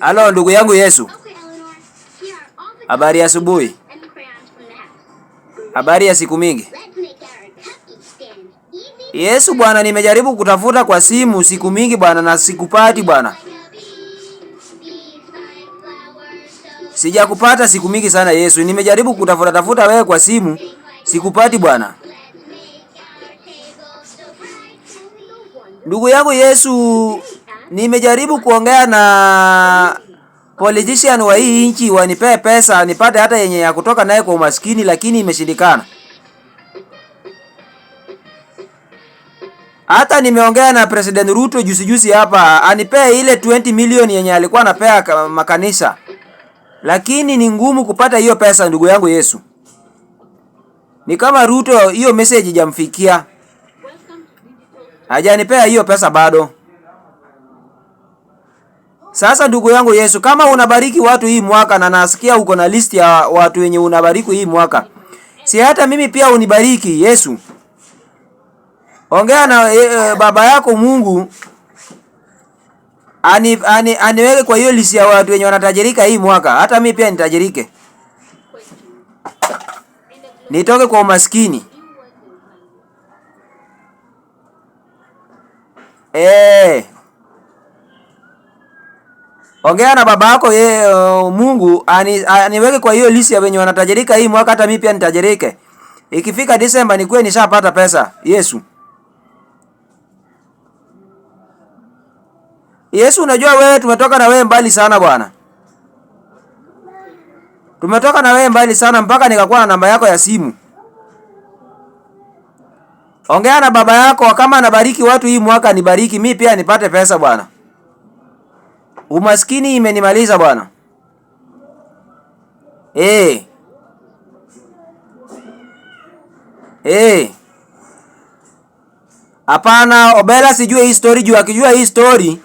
Halo ndugu yangu Yesu. Habari ya asubuhi. Habari ya siku mingi. Yesu bwana, nimejaribu kutafuta kwa simu siku mingi bwana na sikupati bwana. Sijakupata siku mingi sana Yesu. Nimejaribu kutafuta tafuta wewe kwa simu, sikupati bwana. Ndugu yangu Yesu, nimejaribu kuongea na politician wa hii nchi wanipee pesa nipate hata yenye ya kutoka naye kwa umaskini, lakini imeshindikana. Hata nimeongea na President Ruto juzi juzi hapa, anipee ile 20 million yenye alikuwa anapea makanisa, lakini ni ngumu kupata hiyo pesa. Ndugu yangu Yesu, ni kama Ruto hiyo message jamfikia, hajanipea hiyo pesa bado. Sasa ndugu yangu Yesu, kama unabariki watu hii mwaka, na nasikia uko na list ya watu wenye unabariki hii mwaka, si hata mimi pia unibariki Yesu. Ongea na e, e, baba yako Mungu ani, ani, aniweke kwa hiyo list ya watu wenye wanatajirika hii mwaka, hata mimi pia nitajirike, nitoke kwa umaskini e. Ongea na baba yako ye, uh, Mungu ani, aniweke kwa hiyo lisi ya wenye wanatajirika hii mwaka, hata mimi pia nitajirike. Ikifika Disemba nikuwe nishapata pesa. Yesu. Yesu, unajua wewe tumetoka na wewe mbali sana bwana. Tumetoka na wewe mbali sana mpaka nikakuwa na namba yako ya simu. Ongea na baba yako kama anabariki watu hii mwaka nibariki, mimi pia nipate pesa bwana. Umaskini imenimaliza bwana eh, eh. Hapana, Obela sijue hii story juu akijua hii story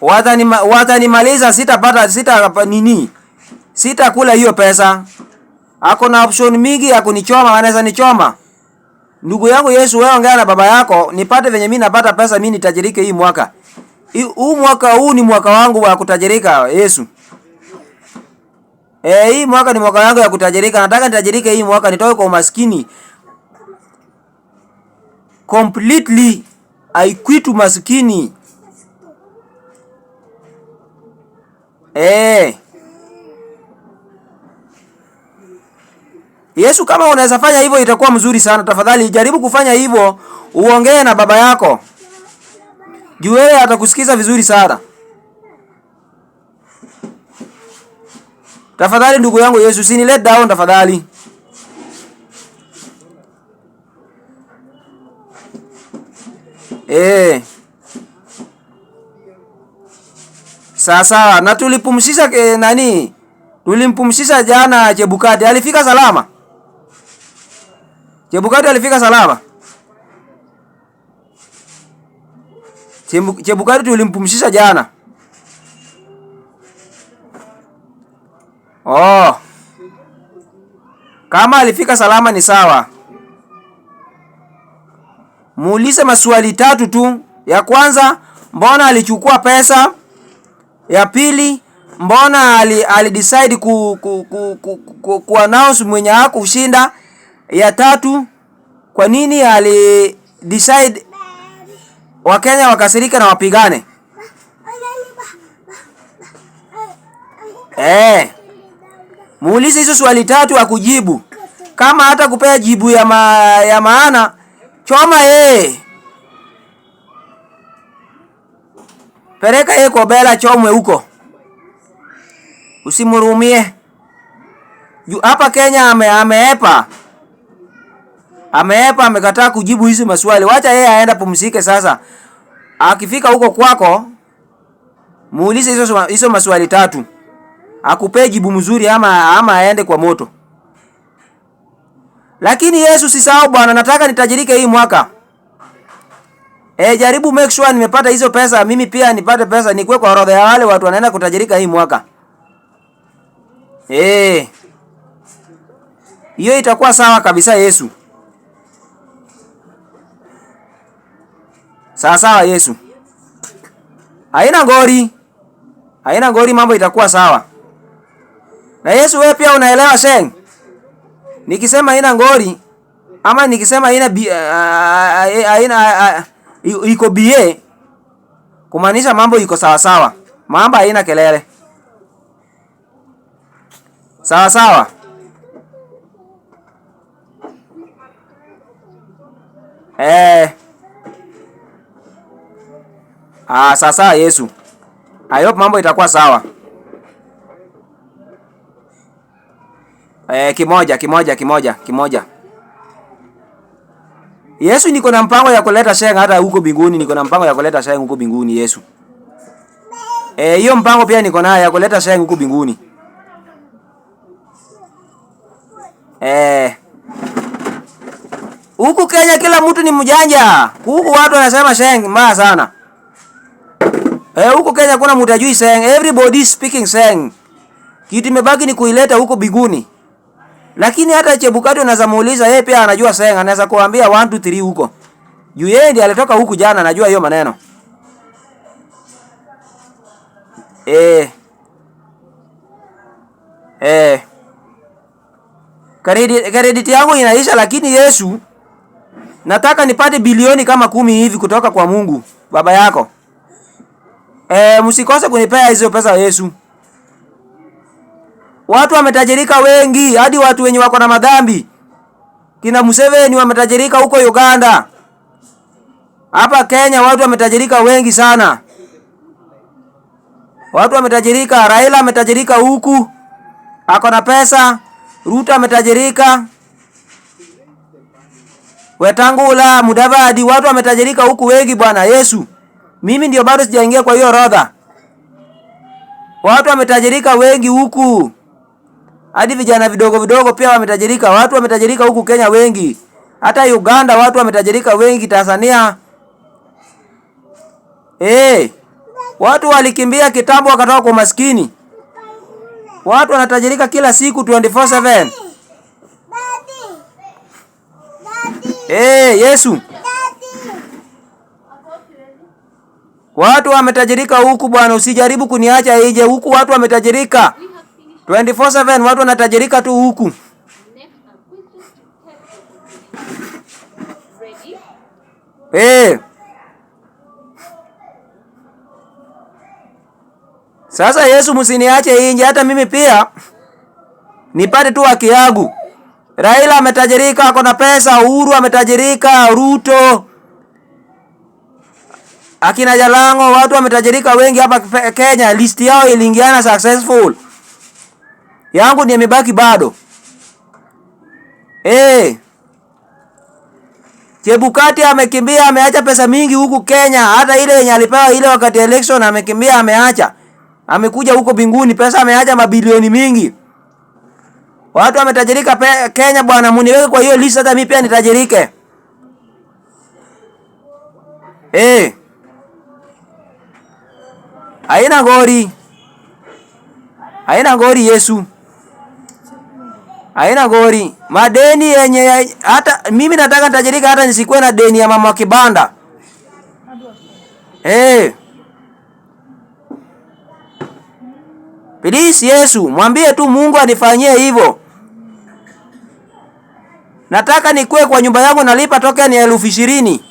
watanima, watanimaliza sitapata sita nini, sitakula hiyo pesa. Ako na option mingi ya kunichoma, anaweza nichoma. Ndugu yangu Yesu, wewe ongea na baba yako nipate venye mimi napata pesa, mimi nitajirike hii mwaka huu mwaka huu ni mwaka wangu wa kutajirika Yesu. Eh, hii mwaka ni mwaka wangu ya kutajirika. Nataka nitajirike hii mwaka, nitoke kwa umaskini. Completely I quit umaskini. Eh. Yesu, kama unaweza fanya hivyo itakuwa mzuri sana. Tafadhali jaribu kufanya hivyo, uongee na baba yako yeye atakusikiza vizuri sana. Tafadhali ndugu yangu Yesu, sini let down tafadhali. Eh. Sasa na tulipumshisha ke, nani? Tulimpumsisha jana Chebukati. Alifika salama? Chebukati alifika salama? Chebukati tulimpumshisha jana. Oh. Kama alifika salama ni sawa. Muulize maswali tatu tu. Ya kwanza, mbona alichukua pesa? Ya pili, mbona ali, ali decide ku, ku, ku, ku, ku, ku announce mwenye hakushinda? Ya tatu, kwa nini ali decide Wakenya wakasirike na wapigane. Eh. Muulize hizo swali tatu akujibu. Kama hata kupea jibu ya, ma, ya maana choma yeye. Pereka yeye kwa bela chomwe huko. Usimurumie. Hapa Kenya ame, ameepa ameepa, amekataa kujibu hizi maswali. Wacha yeye aenda pumzike sasa. Akifika huko kwako, muulize hizo hizo maswali tatu, akupee jibu mzuri, ama ama aende kwa moto. Lakini Yesu, sisahau Bwana, nataka nitajirike hii mwaka. E, jaribu make sure nimepata hizo pesa, mimi pia nipate pesa, nikuwe kwa orodha ya wale watu wanaenda kutajirika hii mwaka. Eh, hiyo itakuwa sawa kabisa Yesu. Sawasawa Yesu. Haina ngori. Haina ngori, mambo itakuwa sawa. Na Yesu wewe pia unaelewa sheng. Nikisema haina ngori ama nikisema haina ah, ah, ah, eh, haina iko bie kumaanisha mambo iko sawa sawa. Mambo haina kelele. Sawa sawa. Eh, Ah, sasa Yesu. I hope mambo itakuwa sawa. Eh, kimoja kimoja kimoja kimoja. Yesu, niko na mpango ya kuleta sheng hata huko mbinguni, niko na mpango ya kuleta sheng huko mbinguni Yesu. Eh, hiyo mpango pia niko nayo ya kuleta sheng huko mbinguni. Eh. Huku Kenya kila mtu ni mjanja. Huku watu wanasema sheng mbaya sana. Eh, huko Kenya hakuna mtu ajui saying, everybody is speaking saying. Kitu imebaki ni kuileta huko biguni. Lakini hata Chebukati anaweza muuliza yeye pia anajua saying, anaweza kuambia 1 2 3 huko. Juu yeye ndiye alitoka huku jana anajua hiyo maneno. Eh. Eh. Kredit, kredit yangu inaisha lakini Yesu nataka nipate bilioni kama kumi hivi kutoka kwa Mungu baba yako. E, msikose kunipea hizo pesa Yesu. Watu wametajirika wengi, hadi watu wenye wako na madhambi kina Museveni wametajirika huko Uganda. Hapa Kenya watu wametajirika wengi sana, watu wametajirika. Raila ametajirika huku, ako na pesa. Ruto ametajirika, Wetangula, Mudavadi, watu wametajirika huku wengi, Bwana Yesu. Mimi ndio bado sijaingia kwa hiyo orodha. Watu wametajirika wengi huku, hadi vijana vidogo vidogo pia wametajirika. Watu wametajirika huku Kenya wengi, hata Uganda watu wametajirika wengi, Tanzania eh, watu walikimbia kitambo wakatoka kwa maskini. Watu wanatajirika kila siku 24/7. Eh, Yesu Watu wametajirika huku bwana, usijaribu kuniacha ije huku. Watu wametajirika 24/7 watu wanatajirika tu huku. Hey. Eh. Sasa Yesu, msiniache inje, hata mimi pia nipate tu haki yangu. Raila ametajirika, ako na pesa. Uhuru ametajirika, Ruto akina Jalango, watu wametajirika wengi hapa Kenya, listi yao iliingiana successful. Yangu ni imebaki bado eh. Chebukati amekimbia ameacha pesa mingi huku Kenya, hata ile yenye alipewa ile wakati election amekimbia ameacha. Amekuja huko binguni pesa ameacha mabilioni mingi. Watu wametajirika Kenya bwana, muniweke kwa hiyo list hata mimi pia nitajirike. Eh haina gori, haina gori Yesu, haina gori madeni yenye. Hata mimi nataka nitajirika, hata nisikuwe na deni ya mama kibanda hey. Please Yesu, mwambie tu Mungu anifanyie hivyo. Nataka nikuwe kwa nyumba yangu nalipa tokea ni elfu ishirini.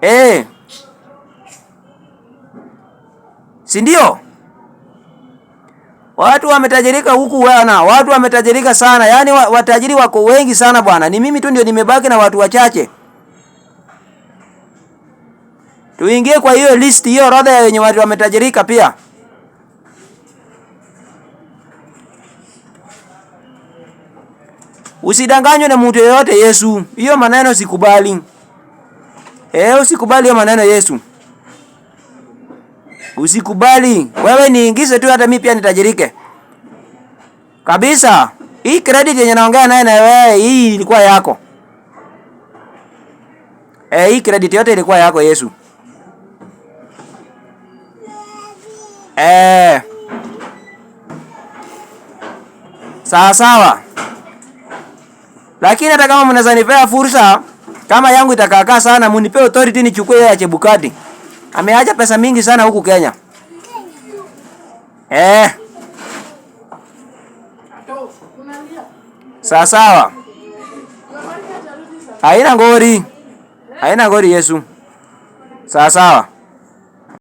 Eh. si ndio? Watu wametajirika huku bwana, watu wametajirika sana, yaani watajiri wako wengi sana bwana. Ni mimi tu ndio nimebaki na watu wachache. Tuingie kwa hiyo list, hiyo orodha ya wenye watu wametajirika pia. Usidanganywe na mtu yeyote Yesu. Hiyo maneno sikubali. Eh, usikubali hiyo maneno Yesu. Usikubali wewe, niingize tu, hata mimi pia nitajirike kabisa. Hii credit yenye naongea naye na wewe, hii ilikuwa yako eh, hii credit yote ilikuwa yako Yesu eh, sawa sawa. Lakini hata kama mnaweza nipea fursa kama yangu itakaa sana, munipe authority nichukue ya Chebukati. Ameacha pesa mingi sana huku Kenya. Eh. Sawa sawa. Haina ngori. Haina ngori Yesu. Sawa sawa.